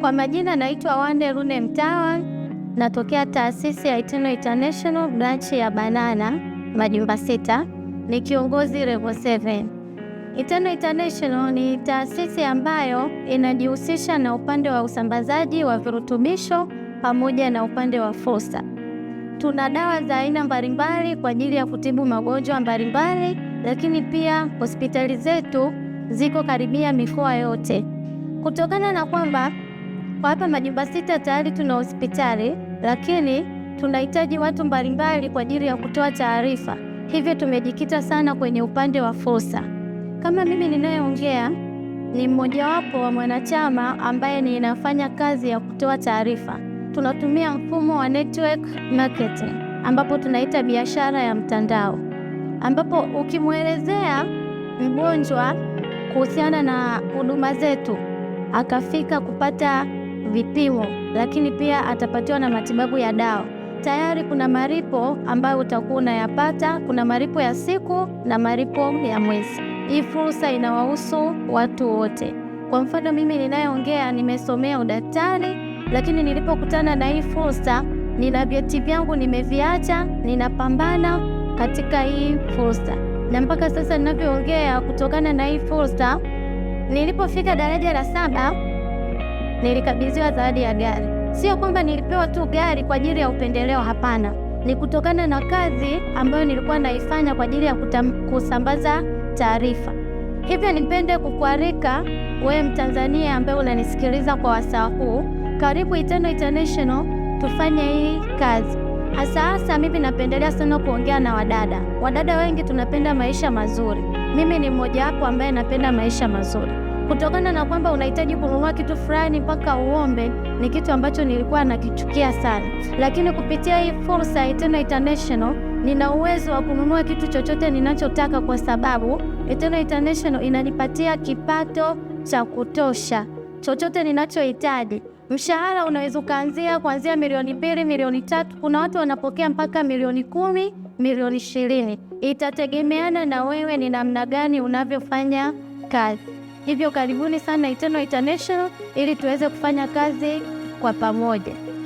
Kwa majina naitwa Wande Rune Mtawa, natokea taasisi ya Itino International branch ya Banana Majumba Sita, ni kiongozi level 7. Itino International ni taasisi ambayo inajihusisha na upande wa usambazaji wa virutubisho pamoja na upande wa fursa. Tuna dawa za aina mbalimbali kwa ajili ya kutibu magonjwa mbalimbali, lakini pia hospitali zetu ziko karibia mikoa yote, kutokana na kwamba kwa hapa Majumba Sita tayari tuna hospitali, lakini tunahitaji watu mbalimbali kwa ajili ya kutoa taarifa, hivyo tumejikita sana kwenye upande wa fursa. Kama mimi ninayeongea ni mmojawapo wa mwanachama ambaye ninafanya kazi ya kutoa taarifa. Tunatumia mfumo wa network marketing, ambapo tunaita biashara ya mtandao, ambapo ukimwelezea mgonjwa kuhusiana na huduma zetu akafika kupata vipimo, lakini pia atapatiwa na matibabu ya dawa. Tayari kuna malipo ambayo utakuwa unayapata. Kuna malipo ya siku na malipo ya mwezi. Hii fursa inawahusu watu wote. Kwa mfano, mimi ninayeongea nimesomea udaktari, lakini nilipokutana na hii fursa, nina vyeti vyangu nimeviacha, ninapambana katika hii fursa, na mpaka sasa ninavyoongea, kutokana na hii fursa, nilipofika daraja la saba nilikabidhiwa zawadi ya gari. Sio kwamba nilipewa tu gari kwa ajili ya upendeleo, hapana. Ni kutokana na kazi ambayo nilikuwa naifanya kwa ajili ya kusambaza taarifa. Hivyo nipende kukualika wewe Mtanzania ambaye unanisikiliza kwa wasaa huu, karibu Eternal International tufanye hii kazi. Hasa hasa mimi napendelea sana kuongea na wadada. Wadada wengi tunapenda maisha mazuri. Mimi ni mmoja wapo ambaye napenda maisha mazuri kutokana na kwamba unahitaji kununua kitu fulani mpaka uombe, ni kitu ambacho nilikuwa nakichukia sana, lakini kupitia hii fursa ya Eternal International nina uwezo wa kununua kitu chochote ninachotaka, kwa sababu Eternal International inanipatia kipato cha kutosha, chochote ninachohitaji. Mshahara unaweza ukaanzia kuanzia milioni mbili, milioni tatu, kuna watu wanapokea mpaka milioni kumi, milioni ishirini. Itategemeana na wewe ni namna gani unavyofanya kazi. Hivyo karibuni sana Eternal International ili tuweze kufanya kazi kwa pamoja.